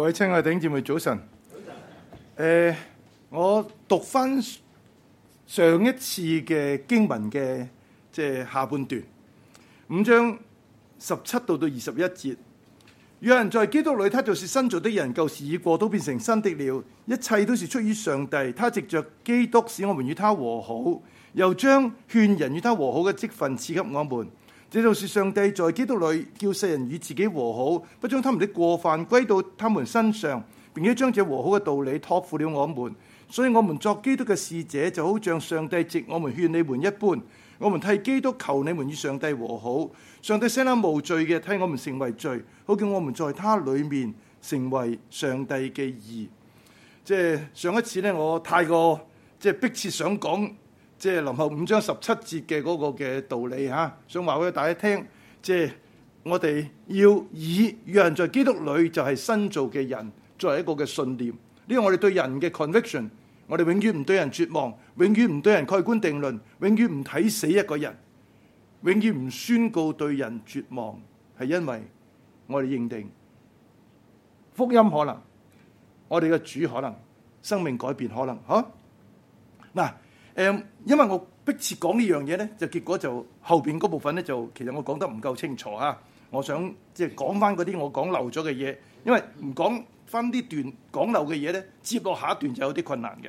各位親愛的弟兄姊妹，早晨。誒、呃，我讀翻上一次嘅經文嘅，即係下半段五章十七到到二十一節。有人在基督裏，他就是新造的人，舊事已過，都變成新的了。一切都是出於上帝，他藉着基督使我們與他和好，又將勸人與他和好嘅職份，賜給我們。這就是上帝在基督裏叫世人與自己和好，不將他們的過犯歸到他們身上，並且將這和好嘅道理託付了我們。所以我們作基督嘅使者，就好像上帝藉我們勸你們一般，我們替基督求你們與上帝和好。上帝生得無罪嘅，替我們成為罪，好叫我們在他裡面成為上帝嘅義。即係上一次呢，我太過即係迫切想講。即、係林後五章十七節嘅嗰個嘅道理嚇，想話俾大家聽。即、係我哋要以讓人在基督裏就係新造嘅人作為一個嘅信念。呢個我哋對人嘅 conviction，我哋永遠唔對人絕望，永遠唔對人蓋棺定論，永遠唔睇死一個人，永遠唔宣告對人絕望。係因為我哋認定福音可能，我哋嘅主可能，生命改變可能。嗬嗱。誒、嗯，因為我迫切講呢樣嘢咧，就結果就後邊嗰部分咧，就其實我講得唔夠清楚哈。我想即係、就是、講翻嗰啲我講漏咗嘅嘢，因為唔講翻啲段講漏嘅嘢咧，接落下一段就有啲困難嘅。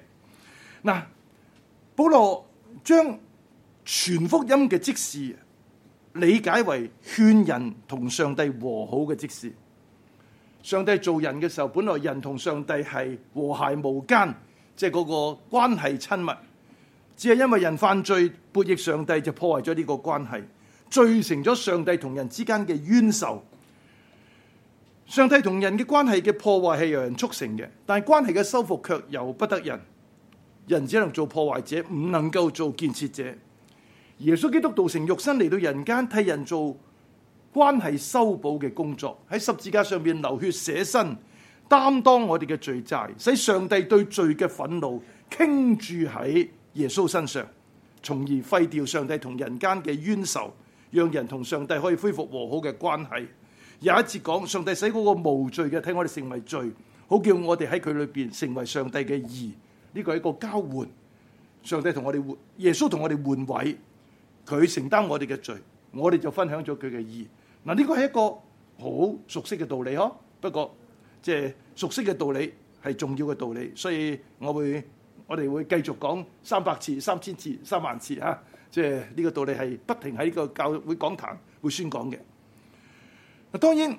嗱、啊，保羅將全福音嘅職事理解為勸人同上帝和好嘅職事。上帝造人嘅時候，本來人同上帝係和諧無間，即係嗰個關係親密。只係因為人犯罪，悖逆上帝就破壞咗呢個關係，罪成咗上帝同人之間嘅冤仇。上帝同人嘅關係嘅破壞係由人促成嘅，但係關係嘅修復卻由不得人。人只能做破壞者，唔能夠做建設者。耶穌基督道成肉身嚟到人間，替人做關係修補嘅工作，喺十字架上面流血捨身，擔當我哋嘅罪債，使上帝對罪嘅憤怒傾注喺。耶穌身上，從而廢掉上帝同人間嘅冤仇，讓人同上帝可以恢復和好嘅關係。有一節講，上帝使嗰個無罪嘅，替我哋成為罪，好叫我哋喺佢裏邊成為上帝嘅義。呢個係一個交換，上帝同我哋換，耶穌同我哋換位，佢承擔我哋嘅罪，我哋就分享咗佢嘅義。嗱，呢個係一個好熟悉嘅道理嗬。不過，即係熟悉嘅道理係重要嘅道理，所以我會。我哋會繼續講三百次、三千次、三萬次。吓、啊，即係呢個道理係不停喺呢個教會講壇會宣講嘅。嗱，當然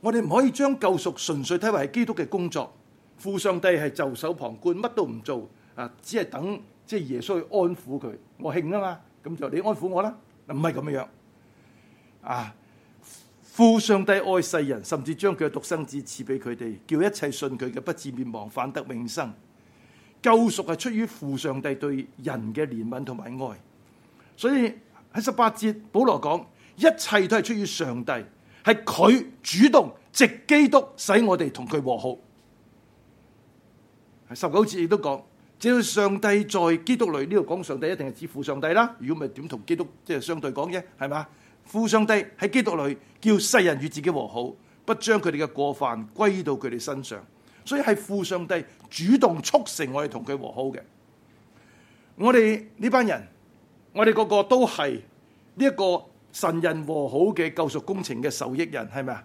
我哋唔可以將救贖純粹睇為係基督嘅工作，父上帝係袖手旁觀，乜都唔做啊，只係等即係耶穌去安撫佢，我慶啊嘛，咁就你安撫我啦，唔係咁樣啊。父上帝愛世人，甚至將佢嘅獨生子賜俾佢哋，叫一切信佢嘅不致滅亡，反得永生。救贖係出於父上帝對人嘅憐憫同埋愛，所以喺十八節保羅講，一切都係出於上帝，係佢主動藉基督使我哋同佢和好。喺十九節亦都講，只要上帝在基督裏呢度講上帝，一定係指父上帝啦。如果唔係點同基督即係、就是、相對講啫，係嘛？父上帝喺基督裏叫世人與自己和好，不將佢哋嘅過犯歸到佢哋身上。所以係父上帝。主動促成我哋同佢和好嘅，我哋呢班人，我哋個個都係呢一個神人和好嘅救贖工程嘅受益人，係咪啊？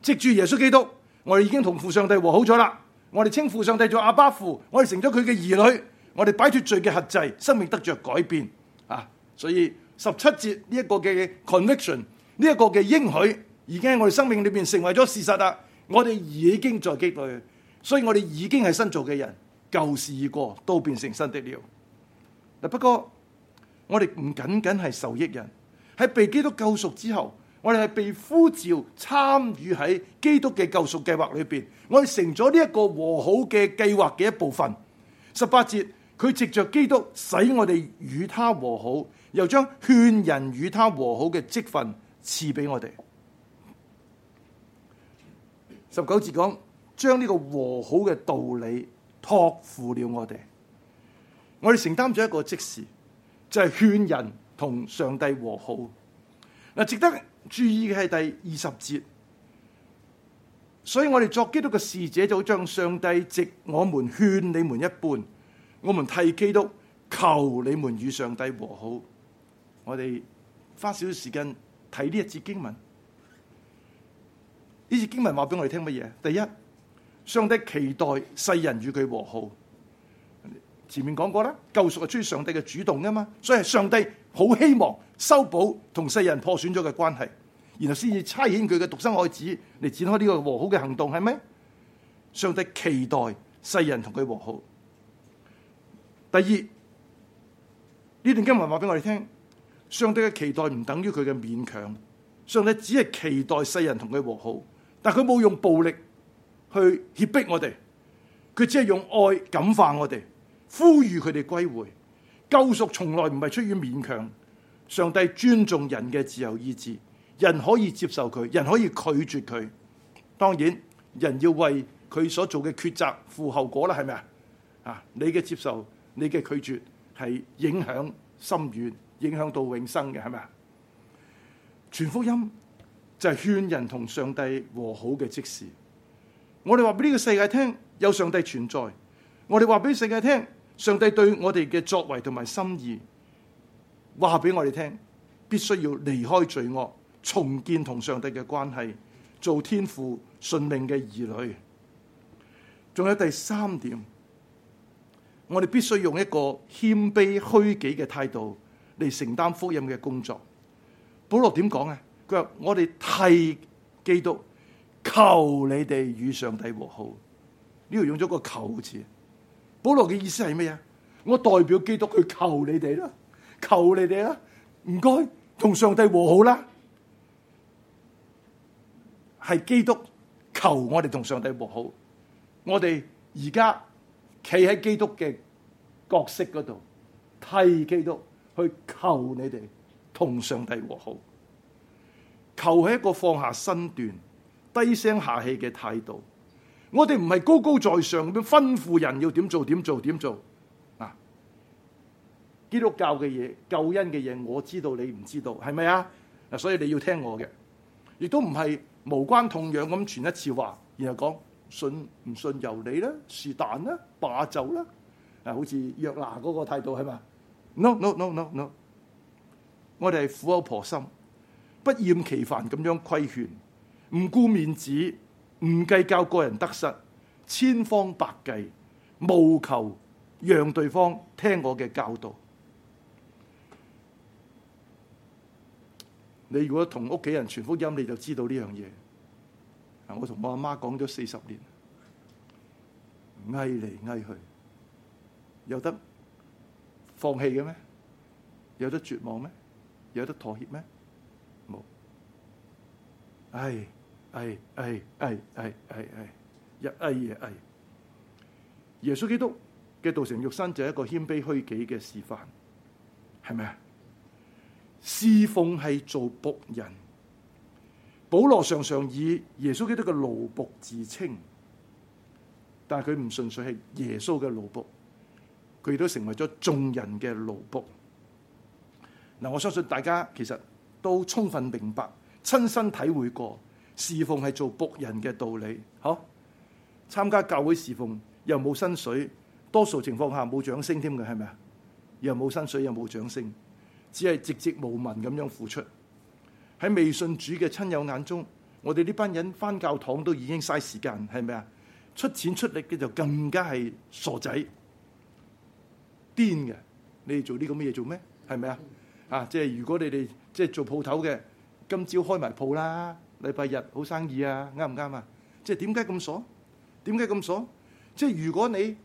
藉住耶穌基督，我哋已經同父上帝和好咗啦。我哋稱父上帝做阿爸父，我哋成咗佢嘅兒女，我哋擺脱罪嘅轄制，生命得着改變啊！所以十七節呢一個嘅 conviction，呢一個嘅應許，已經喺我哋生命裏邊成為咗事實啦。我哋已經在經歷。所以我哋已經係新造嘅人，舊事已過，都變成新的了。不過我哋唔僅僅係受益人，喺被基督救贖之後，我哋係被呼召參與喺基督嘅救贖計劃裏邊，我哋成咗呢一個和好嘅計劃嘅一部分。十八節，佢藉着基督使我哋與他和好，又將勸人與他和好嘅職分賜俾我哋。十九節講。將呢個和好嘅道理托付了我哋，我哋承擔咗一個職事，就係勸人同上帝和好。嗱，值得注意嘅係第二十節，所以我哋作基督嘅使者就會將上帝藉我們勸你們一半，我們替基督求你們與上帝和好。我哋花少少時間睇呢一節經文，呢節經文話俾我哋聽乜嘢？第一。上帝期待世人與佢和好。前面講過啦，救贖係出於上帝嘅主動噶嘛，所以上帝好希望修補同世人破損咗嘅關係，然後先至差遣佢嘅獨生愛子嚟展開呢個和好嘅行動，係咩？上帝期待世人同佢和好。第二，呢段經文話俾我哋聽，上帝嘅期待唔等於佢嘅勉強，上帝只係期待世人同佢和好，但佢冇用暴力。去脅迫我哋，佢只係用愛感化我哋，呼籲佢哋歸回。救贖從來唔係出於勉強，上帝尊重人嘅自由意志，人可以接受佢，人可以拒絕佢。當然，人要為佢所做嘅抉擇付後果啦，係咪啊？啊，你嘅接受，你嘅拒絕係影響深遠，影響到永生嘅，係咪啊？傳福音就係勸人同上帝和好嘅即時。我哋話俾呢個世界聽，有上帝存在，我哋話俾世界聽上帝對我哋嘅作為同埋心意話俾我哋聽，必須要離開罪惡，重建同上帝嘅關係，做天父信命嘅兒女。仲有第三點，我哋必須用一個謙卑虛己嘅態度嚟承擔福音嘅工作。保羅點講啊？佢話我哋替基督。求你哋與上帝和好，呢度用咗個求字，保羅嘅意思係咩啊？我代表基督去求你哋啦，求你哋啦，唔該同上帝和好啦，係基督求我哋同上帝和好，我哋而家企喺基督嘅角色嗰度替基督去求你哋同上帝和好，求係一個放下身段，低聲下氣嘅態度，我哋唔係高高在上咁樣吩咐人要點做點做點做，嗱，基督教嘅嘢，救恩嘅嘢我知道你唔知道係咪啊？嗱，所以你要聽我嘅，亦都唔係無關痛癢咁傳一次話，然後講，信唔信由你啦，是但啦，罷就啦，啊，好似約拿嗰個態度係嘛，no no no no no，我哋係苦口婆心，不厭其煩咁樣規勸。唔顧面子，唔計較個人得失，千方百計，務求讓對方聽我嘅教導。你如果同屋企人傳福音，你就知道呢樣嘢。我同我阿媽講咗四十年，嗌嚟嗌去，有得放棄嘅咩？有得絕望咩？有得妥協咩？冇。唉。係係係係係係一係耶係耶穌基督嘅道成肉身就係一個謙卑虛己嘅示範，係咪啊？侍奉係做僕人，保羅常常以耶穌基督嘅奴僕自稱，但係佢唔純粹係耶穌嘅奴僕，佢亦都成為咗眾人嘅奴僕。嗱，我相信大家其實都充分明白、親身體會過。侍奉係做僕人嘅道理。好，參加教會侍奉又冇薪水，多數情況下冇掌聲添嘅，係咪啊？又冇薪水，又冇掌聲，只係寂寂無聞咁樣付出。喺未信主嘅親友眼中，我哋呢班人返教堂都已經嘥時間，係咪啊？出錢出力嘅就更加係傻仔癲嘅。你哋做呢個咩嘢做咩？係咪啊？啊，即係如果你哋即係做鋪頭嘅，今朝開埋鋪啦。禮拜日好生意啊，啱唔啱啊？即係點解咁爽？點解咁爽？即係如果你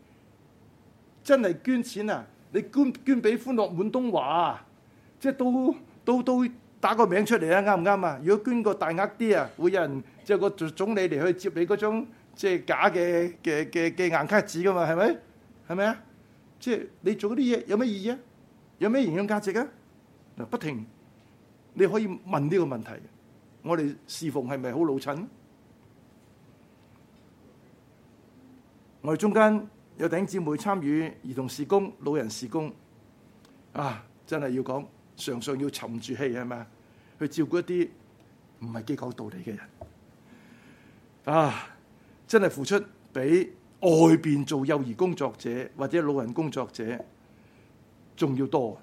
真係捐錢啊，你捐捐俾歡樂滿東華啊，即係都都都打個名出嚟啊，啱唔啱啊？如果捐個大額啲啊，會有人即係個總理嚟去接你嗰張即係假嘅嘅嘅嘅硬卡紙㗎嘛？係咪？係咪啊？即係你做嗰啲嘢有咩意義啊？有咩營養價值啊？嗱，不停你可以問呢個問題。我哋侍奉係咪好老襯？我哋中間有弟兄姊妹參與兒童事工、老人事工，啊，真係要講，常常要沉住氣，係咪啊？去照顧一啲唔係幾講道理嘅人，啊，真係付出比外邊做幼兒工作者或者老人工作者仲要多。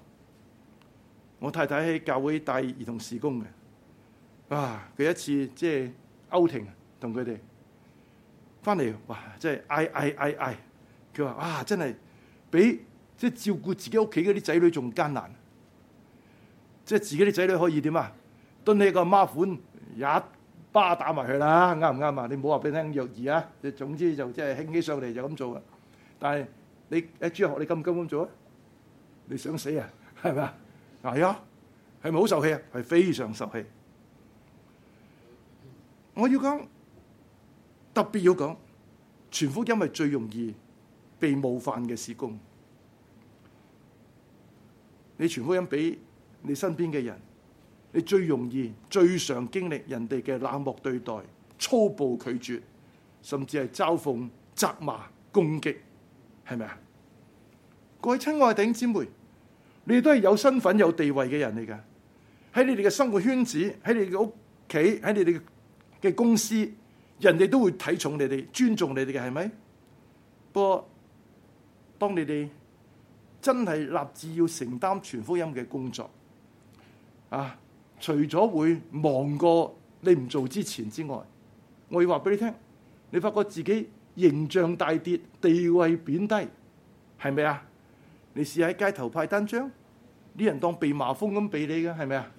我太太喺教會帶兒童事工嘅。哇！佢一次即係歐庭同佢哋翻嚟，哇！即係嗌嗌嗌嗌，佢話：哇！真係比即係照顧自己屋企嗰啲仔女仲艱難，即係自己啲仔女可以點啊？蹲你個阿媽款一巴打埋佢啦，啱唔啱啊？你唔好話俾佢聽弱儀啊！你總之就即係興起上嚟就咁做啊！但係你喺中學，你敢唔敢咁做啊？你想死啊？係咪啊？係啊，係咪好受氣啊？係非常受氣。我要講，特別要講，傳福音係最容易被冒犯嘅事工。你傳福音俾你身邊嘅人，你最容易、最常經歷人哋嘅冷漠對待，粗暴拒絕，甚至係嘲諷、責罵、攻擊，係咪啊？各位親愛嘅弟兄姊妹，你哋都係有身份、有地位嘅人嚟㗎，喺你哋嘅生活圈子、喺你哋嘅屋企、喺你哋嘅嘅公司，人哋都會睇重你哋、尊重你哋嘅，係咪？不過，當你哋真係立志要承擔全福音嘅工作，啊！除咗會忙過你唔做之前之外，我要話俾你聽，你發覺自己形象大跌、地位變低，係咪啊？你試喺街頭派單張，啲人當被馬蜂咁俾你嘅，係咪啊？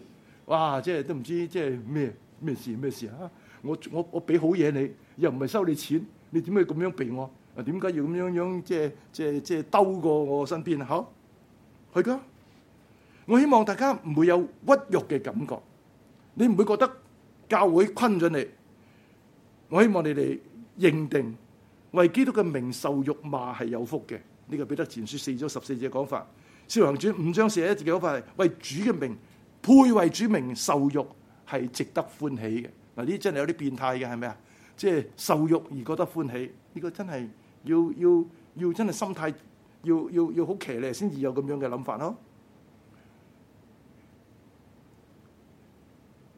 哇！即係都唔知即係咩咩事咩事啊！.我我我俾好嘢你，又唔係收你錢，你點解咁樣避我？啊，點解要咁樣樣，即係即係即係兜過我身邊啊？好，係噶。我希望大家唔會有屈辱嘅感覺，你唔會覺得教會困咗你？我希望你哋認定，為基督嘅名受辱罵係有福嘅。呢、這個彼得前書四章十四節講法，使徒行傳五章四十一節嘅講法係為主嘅名，配為主名受辱係值得歡喜嘅。嗱，呢真係有啲變態嘅，係咪啊？即係受辱而覺得歡喜，呢個真係要要要真係心態要要要好騎呢，先至有咁樣嘅諗法咯。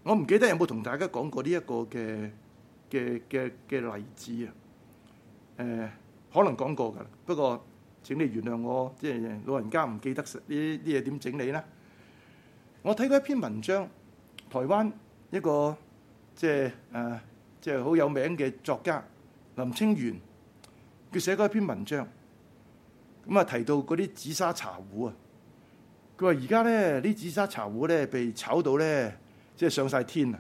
我唔記得有冇同大家講過呢一個嘅嘅嘅嘅例子啊？誒，可能講過噶，不過請你原諒我，即係老人家唔記得食呢啲嘢點整理啦。我睇過一篇文章，台灣一個。即係誒，即係好有名嘅作家林清玄，佢寫過一篇文章，咁啊提到嗰啲紫砂茶壺啊，佢話而家咧啲紫砂茶壺咧被炒到咧，即係上晒天啊！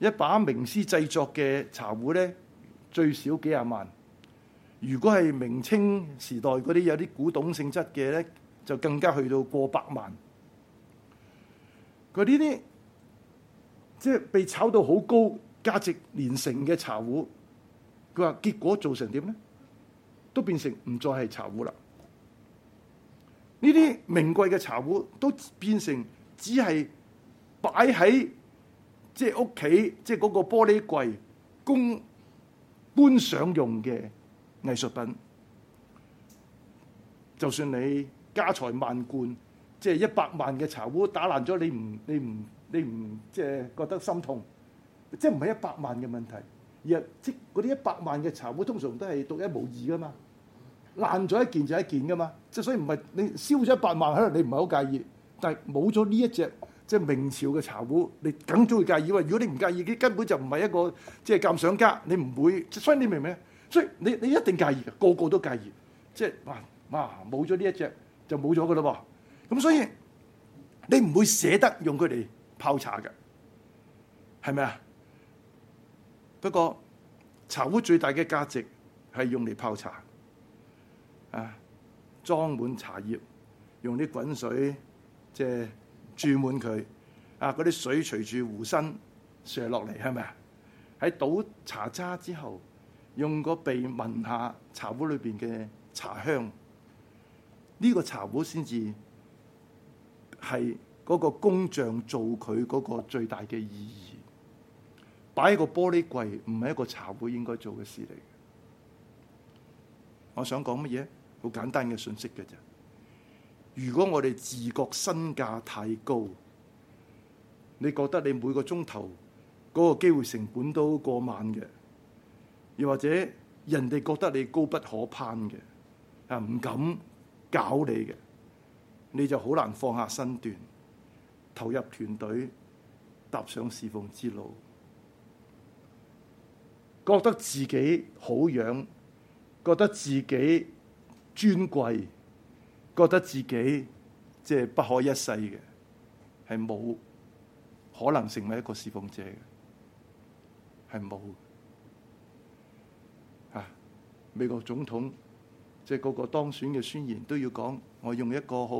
一把名師製作嘅茶壺咧，最少幾廿萬；如果係明清時代嗰啲有啲古董性質嘅咧，就更加去到過百萬。佢呢啲。即係被炒到好高，價值連城嘅茶壺，佢話結果造成點咧？都變成唔再係茶壺啦。呢啲名貴嘅茶壺都變成只係擺喺即係屋企，即係嗰個玻璃櫃供觀賞用嘅藝術品。就算你家財萬貫，即係一百萬嘅茶壺打爛咗，你唔你唔？你唔即係覺得心痛，即係唔係一百萬嘅問題，而係即嗰啲一百萬嘅茶壺通常都係獨一無二噶嘛，爛咗一件就一件噶嘛，即所以唔係你燒咗一百萬可能你唔係好介意，但係冇咗呢一隻即係明朝嘅茶壺，你梗都會介意喎。如果你唔介意，你根本就唔係一個即係鑑賞家，你唔會。所以你明唔明？所以你你一定介意，個個都介意。即係哇哇，冇咗呢一隻就冇咗噶咯噃。咁所以你唔會捨得用佢哋。泡茶嘅，係咪啊？不過茶壺最大嘅價值係用嚟泡茶啊，裝滿茶葉，用啲滾水即係、就是、注滿佢啊，嗰啲水隨住壺身射落嚟係咪啊？喺倒茶渣之後，用個鼻聞下茶壺裏邊嘅茶香，呢、這個茶壺先至係。嗰個工匠做佢嗰個最大嘅意義，擺一個玻璃櫃，唔係一個茶杯應該做嘅事嚟。我想講乜嘢？好簡單嘅信息嘅啫。如果我哋自覺身價太高，你覺得你每個鐘頭嗰個機會成本都過萬嘅，又或者人哋覺得你高不可攀嘅，啊，唔敢搞你嘅，你就好難放下身段。投入團隊，踏上侍奉之路，覺得自己好樣，覺得自己尊貴，覺得自己即係不可一世嘅，係冇可能成為一個侍奉者嘅，係冇㗎。啊，美國總統即係個個當選嘅宣言都要講，我用一個好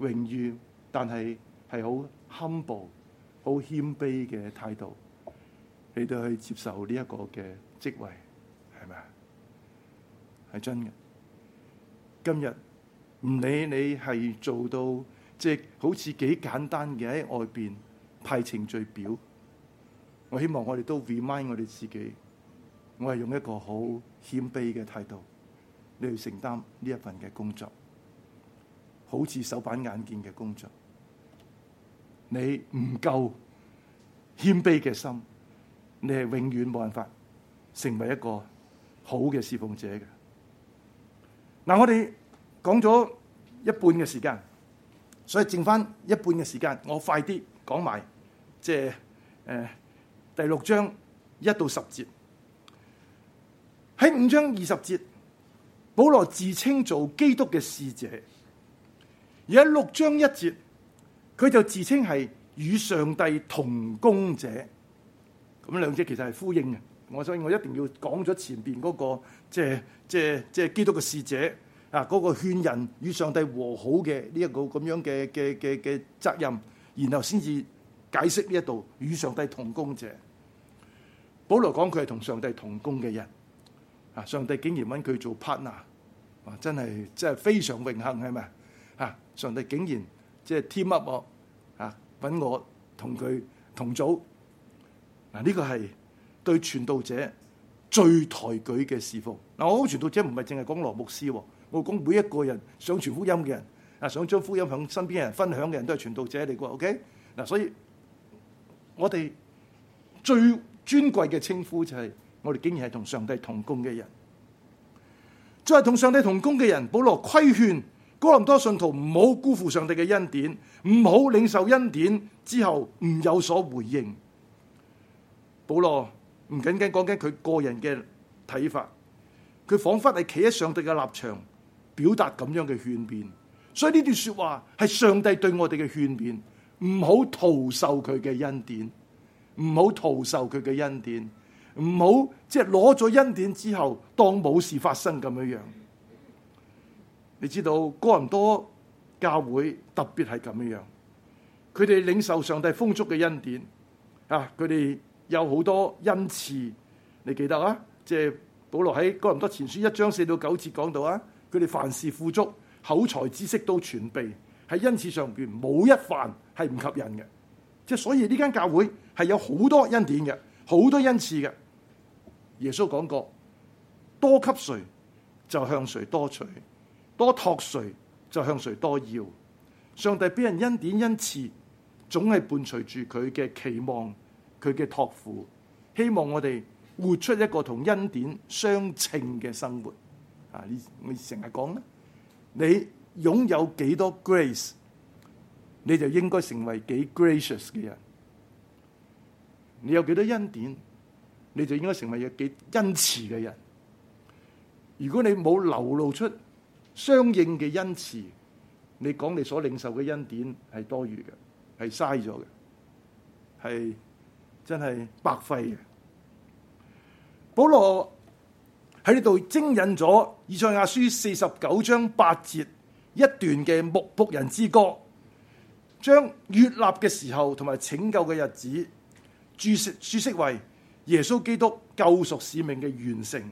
榮譽，但係。係好 humble、好謙卑嘅態度你到去接受呢一個嘅職位，係咪啊？係真嘅。今日唔理你係做到即係、就是、好似幾簡單嘅喺外邊派程序表，我希望我哋都 remind 我哋自己，我係用一個好謙卑嘅態度你去承擔呢一份嘅工作，好似手板眼見嘅工作。你唔夠謙卑嘅心，你係永遠冇辦法成為一個好嘅侍奉者嘅。嗱，我哋講咗一半嘅時間，所以剩翻一半嘅時間，我快啲講埋，即係誒第六章一到十節。喺五章二十節，保羅自稱做基督嘅使者，而喺六章一節。佢就自稱係與上帝同工者，咁兩者其實係呼應嘅。所以我一定要講咗前邊嗰個，即係即係即係基督嘅使者啊，嗰個勸人與上帝和好嘅呢一個咁樣嘅嘅嘅嘅責任，然後先至解釋呢一度與上帝同工者。保羅講佢係同上帝同工嘅人，啊！上帝竟然揾佢做 partner，真係真係非常榮幸，係咪啊？上帝竟然即係 team up 我。揾我同佢同組嗱，呢個係對傳道者最抬舉嘅侍奉嗱。我好傳道者唔係淨係講羅牧師，我講每一個人想傳福音嘅人，啊想將福音向身邊人分享嘅人都係傳道者嚟嘅。O K 嗱，所以我哋最尊貴嘅稱呼就係我哋竟然係同上帝同工嘅人。再同上帝同工嘅人，保羅規勸。哥林多信徒唔好辜負上帝嘅恩典，唔好領受恩典之後唔有所回應。保羅唔僅僅講緊佢個人嘅睇法，佢仿佛係企喺上帝嘅立場表達咁樣嘅勸勉。所以呢段說話係上帝對我哋嘅勸勉，唔好徒受佢嘅恩典，唔好徒受佢嘅恩典，唔好即係攞咗恩典之後當冇事發生咁樣樣。你知道哥林多教會特別係咁樣，佢哋領受上帝豐足嘅恩典啊！佢哋有好多恩賜，你記得啊？即係保羅喺哥林多前書一章四到九節講到啊，佢哋凡事富足，口才知識都全備，喺恩賜上邊冇一范係唔吸引嘅。即係所以呢間教會係有好多恩典嘅，好多恩賜嘅。耶穌講過，多給誰就向誰多取。多託誰就向誰多要，上帝俾人恩典恩賜，總係伴隨住佢嘅期望，佢嘅託付，希望我哋活出一個同恩典相稱嘅生活。啊，你成日講啦，你擁有幾多 grace，你就應該成為幾 gracious 嘅人。你有幾多恩典，你就應該成為有幾恩慈嘅人。如果你冇流露出，相應嘅恩賜，你講你所領受嘅恩典係多餘嘅，係嘥咗嘅，係真係白費嘅。保羅喺呢度徵引咗以賽亞書四十九章八節一段嘅僕僕人之歌，將悅納嘅時候同埋拯救嘅日子注釋注釋為耶穌基督救贖使命嘅完成，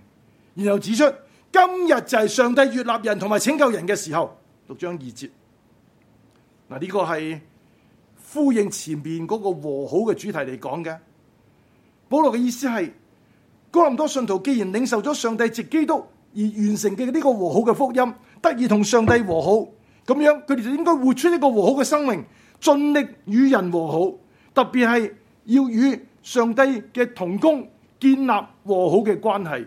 然後指出。今日就係上帝悅納人同埋拯救人嘅時候，六章二節。嗱、這、呢個係呼應前面嗰個和好嘅主題嚟講嘅。保羅嘅意思係，哥林多信徒既然領受咗上帝藉基督而完成嘅呢個和好嘅福音，得以同上帝和好，咁樣佢哋就應該活出一個和好嘅生命，盡力與人和好，特別係要與上帝嘅同工建立和好嘅關係。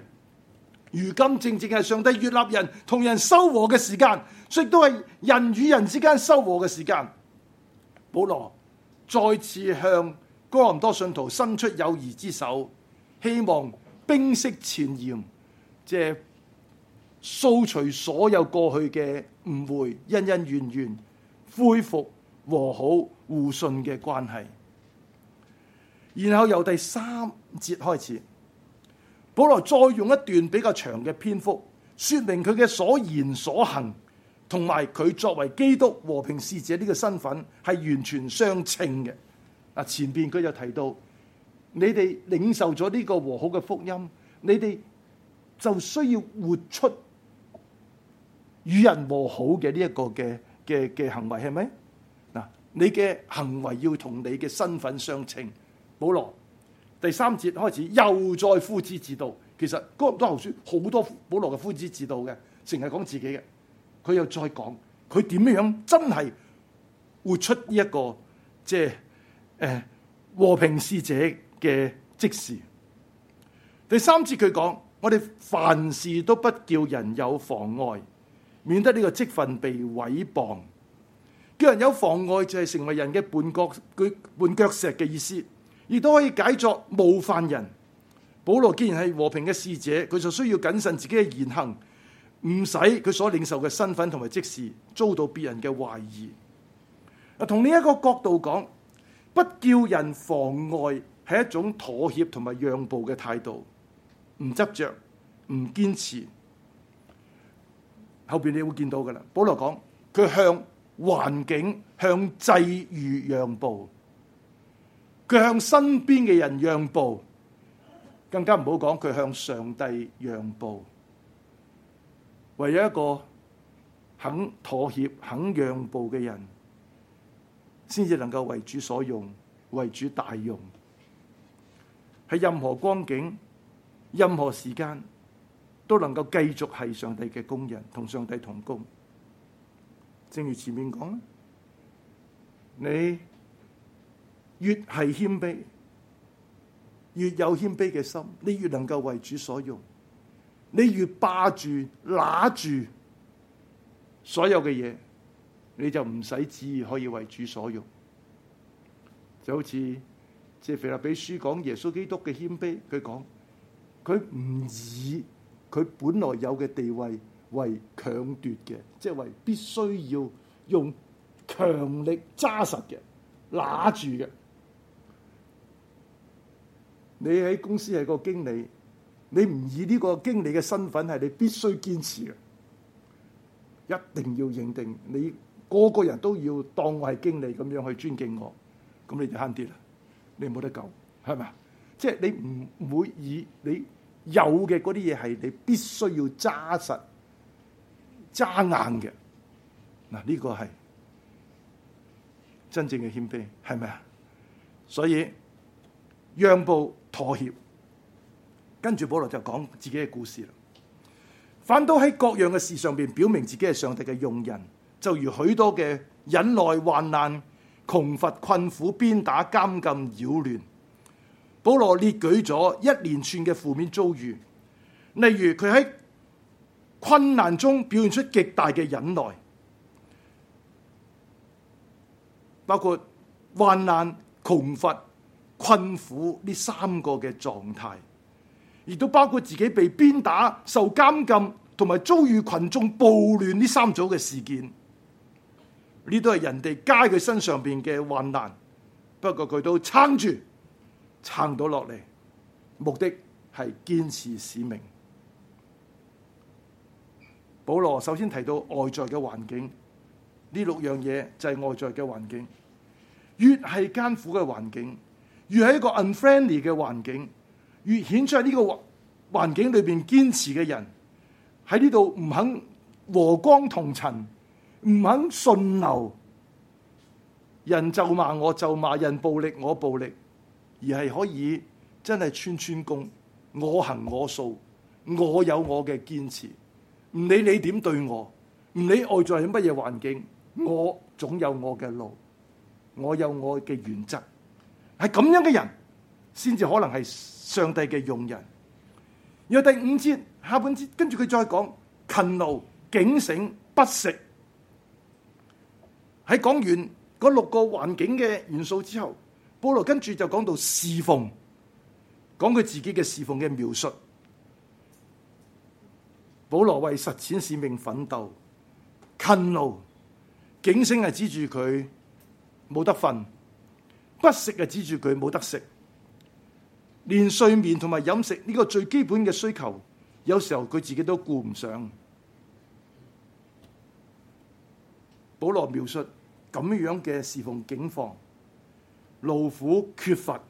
如今正正係上帝悅納人同人修和嘅時間，亦都係人與人之間修和嘅時間。保羅再次向哥林多信徒伸出友誼之手，希望冰釋前嫌，即係掃除所有過去嘅誤會恩恩怨怨，恢復和好互信嘅關係。然後由第三節開始。保羅再用一段比較長嘅篇幅，說明佢嘅所言所行，同埋佢作為基督和平使者呢個身份係完全相稱嘅。嗱，前邊佢就提到，你哋領受咗呢個和好嘅福音，你哋就需要活出與人和好嘅呢一個嘅嘅嘅行為，係咪？嗱，你嘅行為要同你嘅身份相稱，保羅。第三節開始又再夫子自道，其實哥林多後書好多保羅嘅夫子自道嘅，成日講自己嘅，佢又再講佢點樣真係活出呢一個即係誒、啊、和平使者嘅職事。第三節佢講，我哋凡事都不叫人有妨礙，免得呢個職份被毀謗。叫人有妨礙就係成為人嘅絆腳絆腳石嘅意思。亦都可以解作冒犯人。保羅既然係和平嘅使者，佢就需要謹慎自己嘅言行，唔使佢所領受嘅身份同埋職事遭到別人嘅懷疑。啊，同呢一個角度講，不叫人妨礙係一種妥協同埋讓步嘅態度，唔執着，唔堅持。後邊你會見到噶啦。保羅講，佢向環境向際遇讓步。佢向身邊嘅人讓步，更加唔好講佢向上帝讓步。唯有一個肯妥協、肯讓步嘅人，先至能夠為主所用、為主大用。喺任何光景、任何時間，都能夠繼續係上帝嘅工人，同上帝同工。正如前面講，你。越係謙卑，越有謙卑嘅心，你越能夠為主所用。你越霸住、拿住所有嘅嘢，你就唔使旨意可以為主所用。就好似即係腓立比書講耶穌基督嘅謙卑，佢講佢唔以佢本來有嘅地位為強奪嘅，即係為必須要用強力揸實嘅、拿住嘅。你喺公司係個經理，你唔以呢個經理嘅身份係你必須堅持嘅，一定要認定你個個人都要當我係經理咁樣去尊敬我，咁你就慳啲啦，你冇得救，係咪？即係你唔會以你有嘅嗰啲嘢係你必須要揸實、揸硬嘅，嗱，呢個係真正嘅謙卑，係咪啊？所以讓步，妥協，跟住保羅就講自己嘅故事啦。反倒喺各樣嘅事上邊，表明自己係上帝嘅用人，就如許多嘅忍耐、患難、窮乏、困苦、鞭打、監禁、擾亂。保羅列舉咗一連串嘅負面遭遇，例如佢喺困難中表現出極大嘅忍耐，包括患難、窮乏。困苦呢三個嘅狀態，亦都包括自己被鞭打、受監禁同埋遭遇群眾暴亂呢三組嘅事件。呢都係人哋加喺佢身上邊嘅患難，不過佢都撐住撐到落嚟，目的係堅持使命。保羅首先提到外在嘅環境，呢六樣嘢就係外在嘅環境，越係艱苦嘅環境，越喺一個 unfriendly 嘅環境，越顯出喺呢個環境裏邊堅持嘅人喺呢度唔肯和光同塵，唔肯順流。人就罵我就罵，就罵人暴力，我暴力，而係可以真係穿穿工，我行我素，我有我嘅堅持，唔理你點對我，唔理外在係乜嘢環境，我總有我嘅路，我有我嘅原則。係咁樣嘅人，先至可能係上帝嘅用人。然後第五節下半節，跟住佢再講勤勞、警醒、不食。喺講完嗰六個環境嘅元素之後，保羅跟住就講到侍奉，講佢自己嘅侍奉嘅描述。保羅為實踐使命奮鬥，勤勞、警醒係指住佢冇得瞓。不食啊！指住佢冇得食，連睡眠同埋飲食呢個最基本嘅需求，有時候佢自己都顧唔上。保羅描述咁樣嘅侍奉境況，勞苦缺乏，呢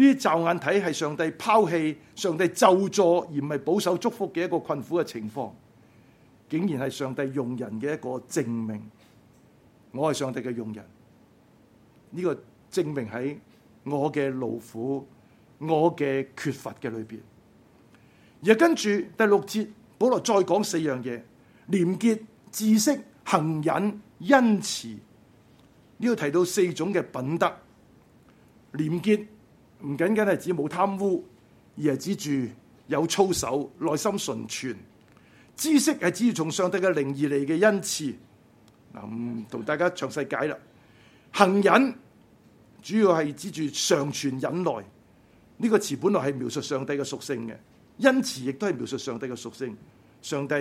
啲驟眼睇係上帝拋棄、上帝就坐而唔係保守祝福嘅一個困苦嘅情況，竟然係上帝用人嘅一個證明。我係上帝嘅用人，呢個。證明喺我嘅勞苦，我嘅缺乏嘅裏邊。而跟住第六節，保羅再講四樣嘢：廉潔、知識、行忍、恩慈。呢度提到四種嘅品德。廉潔唔僅僅係指冇貪污，而係指住有操守、內心純全。知識係指從上帝嘅靈而嚟嘅恩慈。嗱、嗯，同大家詳細解啦。行忍。主要係指住上全忍耐呢，這個詞，本來係描述上帝嘅屬性嘅，恩慈亦都係描述上帝嘅屬性。上帝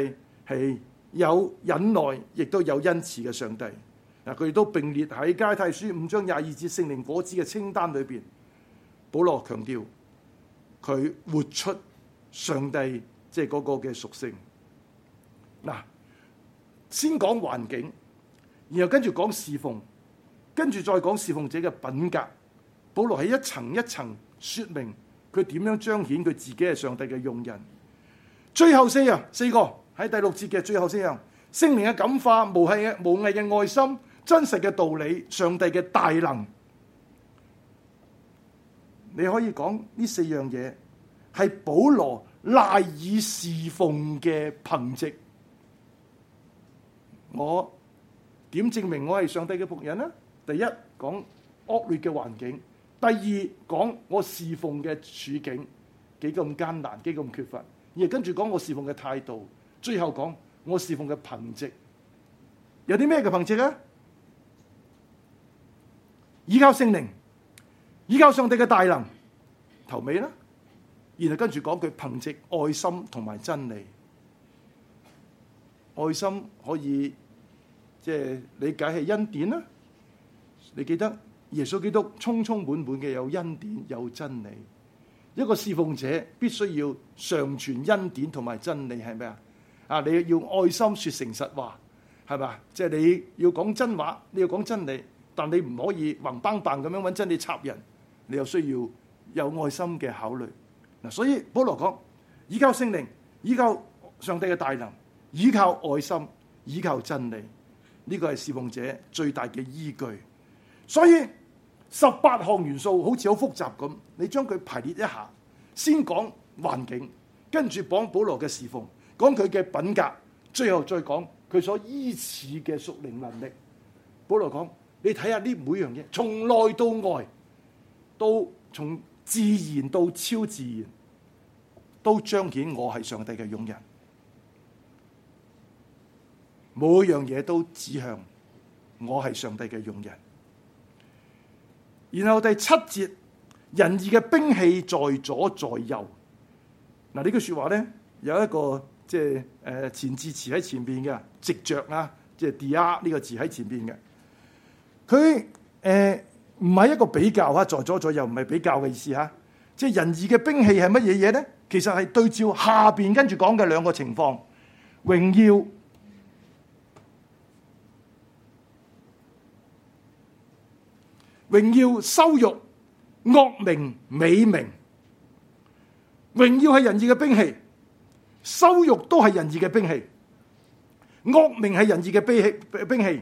係有忍耐，亦都有恩慈嘅上帝。嗱、啊，佢亦都並列喺《加拉太書》五章廿二節聖靈果子嘅清單裏邊。保羅強調佢活出上帝即係嗰個嘅屬性。嗱、啊，先講環境，然後跟住講侍奉。跟住再講侍奉者嘅品格，保羅係一層一層說明佢點樣彰顯佢自己係上帝嘅用人。最後四樣，四個喺第六節嘅最後四樣，聖靈嘅感化、無偽嘅無偽嘅愛心、真實嘅道理、上帝嘅大能。你可以講呢四樣嘢係保羅賴以侍奉嘅憑藉。我點證明我係上帝嘅僕人呢？第一講惡劣嘅環境，第二講我侍奉嘅處境幾咁艱難，幾咁缺乏，而跟住講我侍奉嘅態度，最後講我侍奉嘅憑藉，有啲咩嘅憑藉啊？依靠聖靈，依靠上帝嘅大能，頭尾啦，然後跟住講佢憑藉愛心同埋真理，愛心可以即係、就是、理解係恩典啦、啊。你記得耶穌基督充充滿滿嘅有恩典有真理，一個侍奉者必須要常傳恩典同埋真理係咩啊？啊，你要愛心，說誠實話係咪啊？即係、就是、你要講真話，你要講真理，但你唔可以橫崩棒咁樣揾真理插人。你又需要有愛心嘅考慮嗱，所以保羅講依靠聖靈，依靠上帝嘅大能，依靠愛心，依靠真理，呢、這個係侍奉者最大嘅依據。所以十八項元素好似好複雜咁，你將佢排列一下，先講環境，跟住講保羅嘅侍奉，講佢嘅品格，最後再講佢所依恃嘅屬靈能力。保羅講：你睇下呢每樣嘢，從內到外，都從自然到超自然，都彰顯我係上帝嘅用人。每樣嘢都指向我係上帝嘅用人。然後第七節，仁義嘅兵器在左在右。嗱，呢句說話咧，有一個即係誒前置詞喺前邊嘅，直着啊，即係 dr 呢個字喺前邊嘅。佢誒唔係一個比較啊，在左在右唔係比較嘅意思吓，啊。即係仁義嘅兵器係乜嘢嘢咧？其實係對照下邊跟住講嘅兩個情況，榮耀。榮耀、羞辱、惡名、美名，榮耀係仁義嘅兵器，羞辱都係仁義嘅兵器，惡名係仁義嘅兵器，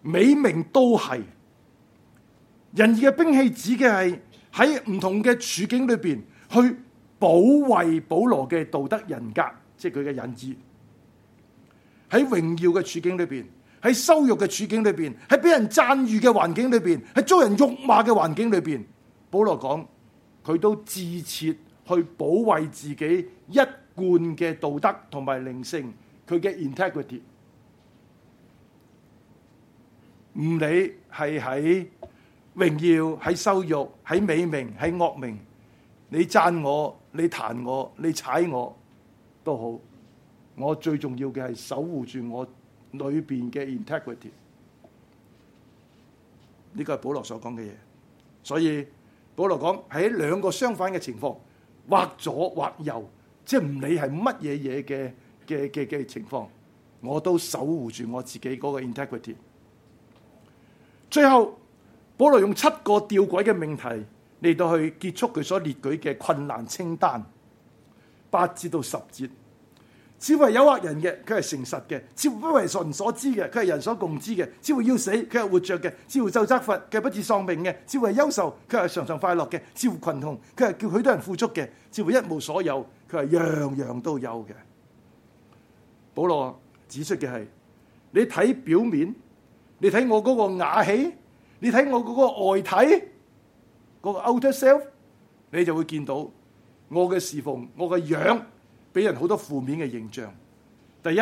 美名都係仁義嘅兵器。指嘅係喺唔同嘅處境裏邊去保衛保羅嘅道德人格，即係佢嘅仁義喺榮耀嘅處境裏邊。喺羞辱嘅處境裏邊，喺俾人讚譽嘅環境裏邊，喺遭人辱罵嘅環境裏邊，保羅講佢都自切去保衛自己一貫嘅道德同埋靈性，佢嘅 integrity。唔理係喺榮耀、喺羞辱、喺美名、喺惡名，你讚我、你彈我、你踩我都好，我最重要嘅係守護住我。裏邊嘅 integrity，呢個係保羅所講嘅嘢，所以保羅講喺兩個相反嘅情況，或左或右，即係唔理係乜嘢嘢嘅嘅嘅嘅情況，我都守護住我自己嗰個 integrity。最後，保羅用七個弔詭嘅命題嚟到去結束佢所列舉嘅困難清單，八至到十節。似乎誘惑人嘅，佢係誠實嘅；似乎不為人所知嘅，佢係人所共知嘅；似乎要死，佢係活着嘅；似乎受責罰，佢不致喪命嘅；似乎憂愁，佢係常常快樂嘅；似乎貧窮，佢係叫許多人富足嘅；似乎一無所有，佢係樣樣都有嘅。保羅指出嘅係：你睇表面，你睇我嗰個雅氣，你睇我嗰個外體，嗰個 outer self，你就會見到我嘅侍奉，我嘅樣。俾人好多負面嘅形象，第一，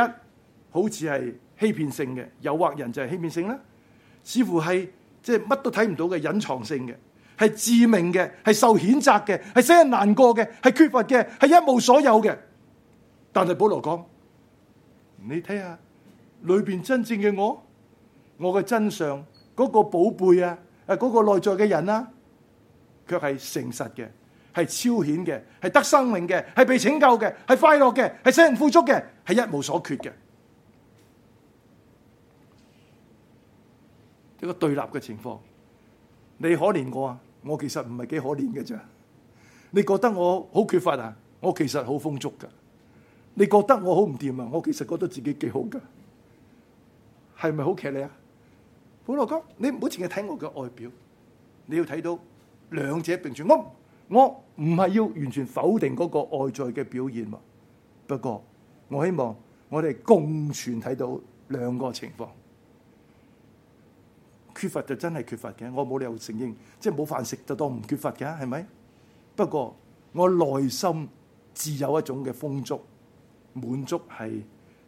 好似係欺騙性嘅，誘惑人就係欺騙性啦。似乎係即係乜都睇唔到嘅隱藏性嘅，係致命嘅，係受譴責嘅，係使人難過嘅，係缺乏嘅，係一無所有嘅。但係保羅講，你睇下裏邊真正嘅我，我嘅真相，嗰、那個寶貝啊，啊、那、嗰個內在嘅人啊，卻係誠實嘅。係超顯嘅，係得生命嘅，係被拯救嘅，係快樂嘅，係使人富足嘅，係一無所缺嘅。一個對立嘅情況，你可憐我啊！我其實唔係幾可憐嘅啫。你覺得我好缺乏啊？我其實好豐足噶。你覺得我好唔掂啊？我其實覺得自己幾好噶。係咪好劇烈啊？保羅哥，你唔好淨係睇我嘅外表，你要睇到兩者並存。我我唔係要完全否定嗰個外在嘅表現，不過我希望我哋共存睇到兩個情況。缺乏就真係缺乏嘅，我冇理由承認，即係冇飯食就當唔缺乏嘅，係咪？不過我內心自有一種嘅豐足滿足，係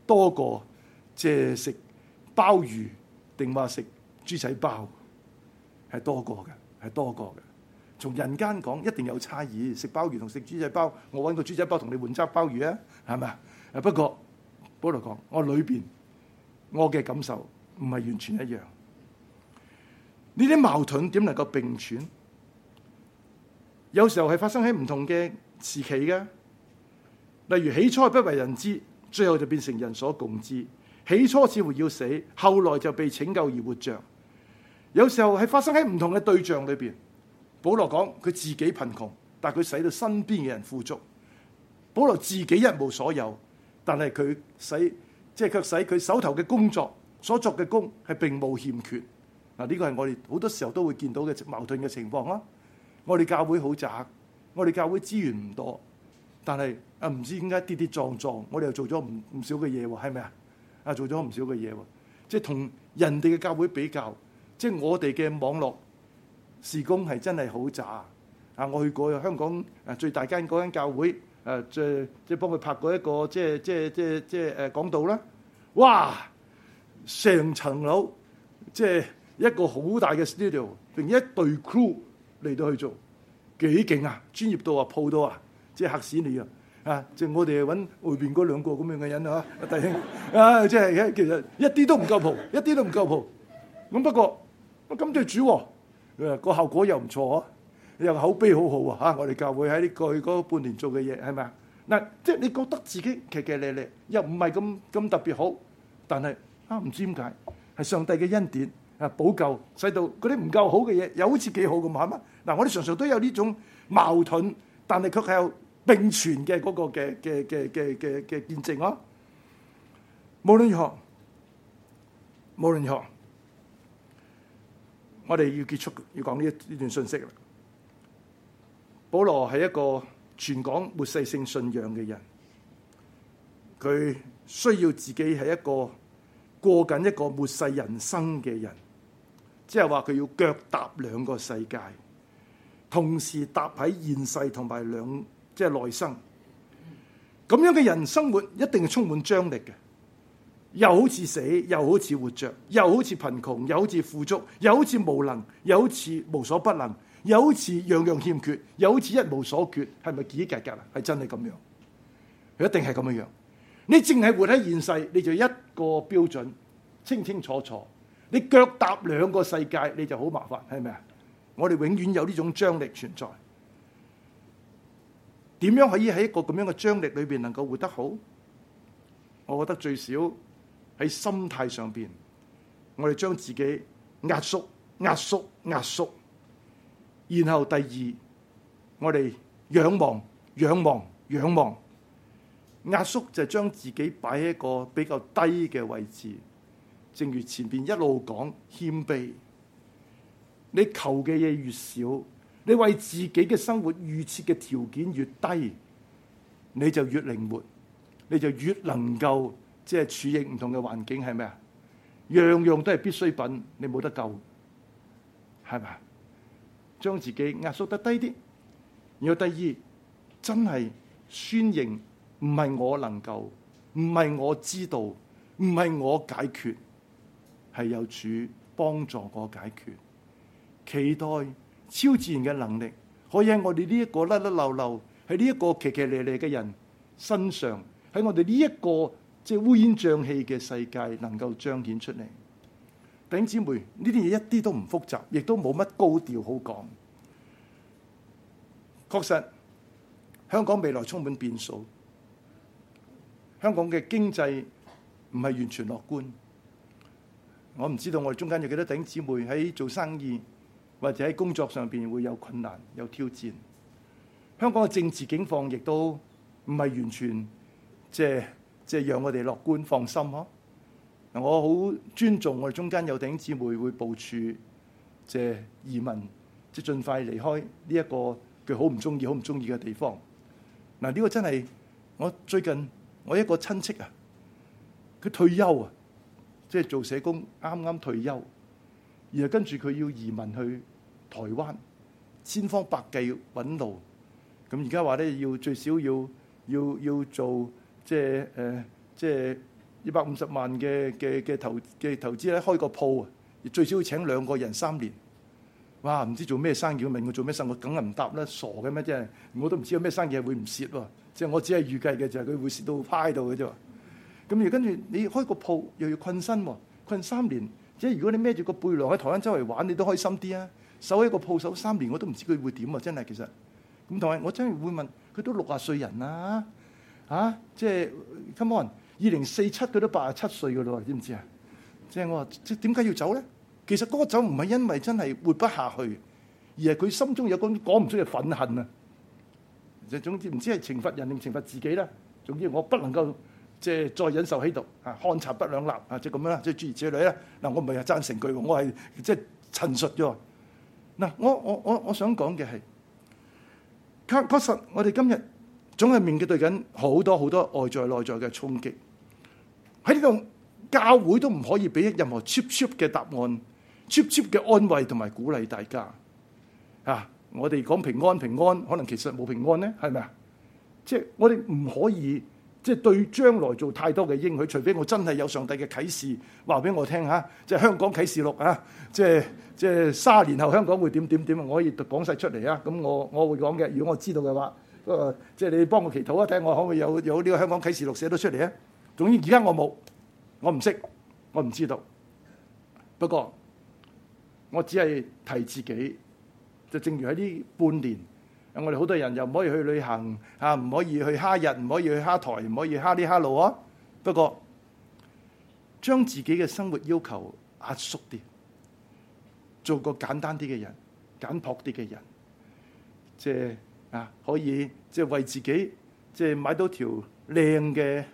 多過即係食鮑魚定話食豬仔包，係多過嘅，係多過嘅。從人間講，一定有差異。食鮑魚同食豬仔包，我揾個豬仔包同你換隻鮑，鮑魚啊，係咪啊？不過，保羅講我裏邊我嘅感受唔係完全一樣。呢啲矛盾點能夠並存？有時候係發生喺唔同嘅時期嘅，例如起初係不為人知，最後就變成人所共知。起初似乎要死，後來就被拯救而活著。有時候係發生喺唔同嘅對象裏邊。保羅講佢自己貧窮，但係佢使到身邊嘅人富足。保羅自己一無所有，但係佢使即係佢使佢手頭嘅工作所作嘅工係並冇欠缺。嗱，呢個係我哋好多時候都會見到嘅矛盾嘅情況啊！我哋教會好窄，我哋教會資源唔多，但係啊唔知點解跌跌撞撞，我哋又做咗唔唔少嘅嘢喎？係咪啊？啊，做咗唔少嘅嘢喎！即係同人哋嘅教會比較，即係我哋嘅網絡。事工係真係好渣啊！我去過香港誒最大間嗰間教會誒，最即係幫佢拍過一個即係即係即係即係誒講道啦。哇！成層樓即係、就是、一個好大嘅 studio，並一隊 crew 嚟到去做，幾勁啊！專業到啊，鋪到啊，即係嚇死你啊！啊，即係我哋揾外邊嗰兩個咁樣嘅人啊，阿大兄啊，即係其實一啲都唔夠蒲，一啲都唔夠蒲。咁不過我感謝主啊。佢個效果又唔錯啊，又口碑好好啊嚇！我哋教會喺過去嗰半年做嘅嘢係咪啊？嗱，即係你覺得自己騎騎咧咧又唔係咁咁特別好，但係啊唔知點解係上帝嘅恩典啊，補救使到嗰啲唔夠好嘅嘢又好似幾好咁係嗎？嗱、啊，我哋常常都有呢種矛盾，但係卻係有並存嘅嗰、嗰個嘅嘅嘅嘅嘅嘅見證咯。無論如何，無論如何。我哋要結束要講呢呢段信息啦。保羅係一個全港末世性信仰嘅人，佢需要自己係一個過緊一個末世人生嘅人，即係話佢要腳踏兩個世界，同時踏喺現世同埋兩即係、就是、內生，咁樣嘅人生活一定係充滿張力嘅。又好似死，又好似活着，又好似貧窮，又好似富足，又好似無能，又好似無所不能，又好似樣樣欠缺，又好似一無所缺，係咪幾格格啊？係真係咁樣，佢一定係咁樣樣。你淨係活喺現世，你就一個標準清清楚楚；你腳踏兩個世界，你就好麻煩，係咪啊？我哋永遠有呢種張力存在。點樣可以喺一個咁樣嘅張力裏邊能夠活得好？我覺得最少。喺心態上邊，我哋將自己壓縮、壓縮、壓縮。然後第二，我哋仰望、仰望、仰望。壓縮就將自己擺喺一個比較低嘅位置。正如前邊一路講謙卑，你求嘅嘢越少，你為自己嘅生活預設嘅條件越低，你就越靈活，你就越能夠。即係處役唔同嘅環境係咩啊？樣樣都係必需品，你冇得救，係咪？將自己壓縮得低啲。然後第二，真係宣認唔係我能夠，唔係我知道，唔係我解決，係有主幫助我解決。期待超自然嘅能力，可以喺我哋呢一個甩甩漏漏，喺呢一個騎騎呢呢嘅人身上，喺我哋呢一個。即係烏煙瘴氣嘅世界，能夠彰顯出嚟，弟兄姊妹呢啲嘢一啲都唔複雜，亦都冇乜高調好講。確實，香港未來充滿變數。香港嘅經濟唔係完全樂觀。我唔知道我哋中間有幾多弟兄姊妹喺做生意或者喺工作上邊會有困難有挑戰。香港嘅政治境況亦都唔係完全即係。即係讓我哋樂觀放心咯。嗱，我好尊重我哋中間有弟兄姊妹會部署即係移民，即係盡快離開呢一個佢好唔中意、好唔中意嘅地方。嗱，呢個真係我最近我一個親戚啊，佢退休啊，即係做社工，啱啱退休，然後跟住佢要移民去台灣，千方百計揾路。咁而家話咧，要最少要要要做。即係誒，即係一百五十萬嘅嘅嘅投嘅投資咧，開個鋪啊，最少要請兩個人三年，哇！唔知做咩生意，我問佢做咩生意，我梗係唔答啦，傻嘅咩即啫？我都唔知有咩生意會唔蝕喎，即係我只係預計嘅就係佢會蝕到派到嘅啫。咁如跟住你開個鋪，又要困身喎，困三年。即係如果你孭住個背囊喺台灣周圍玩，你都開心啲啊！守喺個鋪守三年，我都唔知佢會點啊！真係其實咁同埋，我真係會問佢都六啊歲人啦。嚇、啊！即、就、係、是、come on，二零四七佢都八十七歲噶咯喎，知唔知啊？即、就、係、是、我話即點解要走咧？其實嗰個走唔係因為真係活不下去，而係佢心中有嗰啲講唔出嘅憤恨啊！即總之唔知係懲罰人定懲罰自己啦。總之我不能夠即係、就是、再忍受喺度啊！漢賊不兩立啊！即咁樣啦，即、就是、諸如此類啦。嗱，我唔係贊成佢喎，我係即、就是、陳述啫喎。嗱，我我我我想講嘅係確確實我，我哋今日。總係面嘅對緊好多好多外在內在嘅衝擊，喺呢度教會都唔可以俾任何 cheap cheap 嘅答案，cheap cheap 嘅安慰同埋鼓勵大家。啊，我哋講平安平安，可能其實冇平安呢？係咪啊？即係我哋唔可以，即係對將來做太多嘅應許，除非我真係有上帝嘅啟示話俾我聽吓。即係香港啟示錄啊，即係即係卅年後香港會點點點，我可以講晒出嚟啊。咁我我會講嘅，如果我知道嘅話。即係你幫我祈禱一睇我可唔可以有有呢個香港啟示錄寫到出嚟啊？總之而家我冇，我唔識，我唔知，知道。不過我只係提自己，就正如喺呢半年，我哋好多人又唔可以去旅行嚇，唔可以去哈日，唔可以去哈台，唔可以哈呢哈路啊。不過將自己嘅生活要求壓縮啲，做個簡單啲嘅人，簡樸啲嘅人，即係。啊！可以即係、就是、為自己即係、就是、買到條靚嘅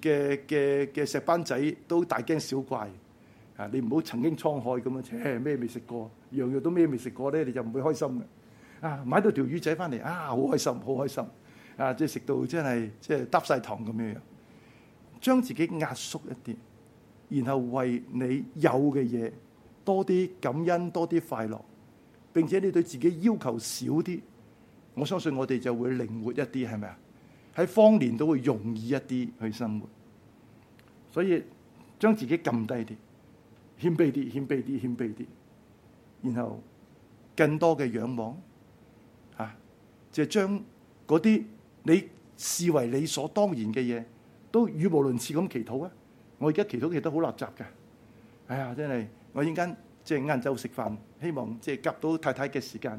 嘅嘅嘅石斑仔都大驚小怪啊！你唔好曾經滄海咁樣，咩未食過，樣樣都咩未食過咧，你就唔會開心嘅啊！買到條魚仔翻嚟啊，好開心，好開心啊！即係食到真係即係嗒晒糖咁樣樣，將自己壓縮一啲，然後為你有嘅嘢多啲感恩，多啲快樂。並且你對自己要求少啲。我相信我哋就會靈活一啲，係咪啊？喺荒年都會容易一啲去生活，所以將自己撳低啲，謙卑啲，謙卑啲，謙卑啲，然後更多嘅仰望，嚇、啊，就將嗰啲你視為理所當然嘅嘢，都語無倫次咁祈禱啊！我而家祈禱其實都好垃圾㗎。哎呀，真係我陣間即係晏晝食飯，希望即係夾到太太嘅時間。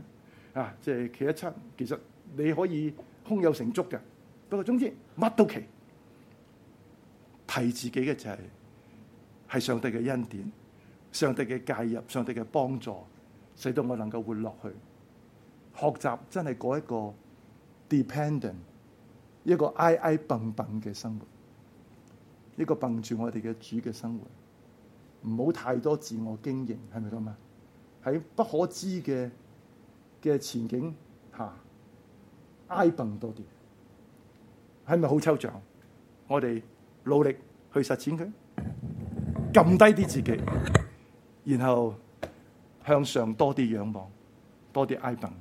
啊！即係企一餐，其實你可以胸有成竹嘅。不過總之，乜都奇，提自己嘅就係、是、係上帝嘅恩典，上帝嘅介入，上帝嘅幫助，使到我能夠活落去。學習真係過一個 dependent，一個挨挨蹦蹦嘅生活，一個蹦住我哋嘅主嘅生活，唔好太多自我經營，係咪咁啊？喺不可知嘅。嘅前景吓、啊，挨泵多啲，係咪好抽象？我哋努力去實踐佢，撳低啲自己，然後向上多啲仰望，多啲挨泵。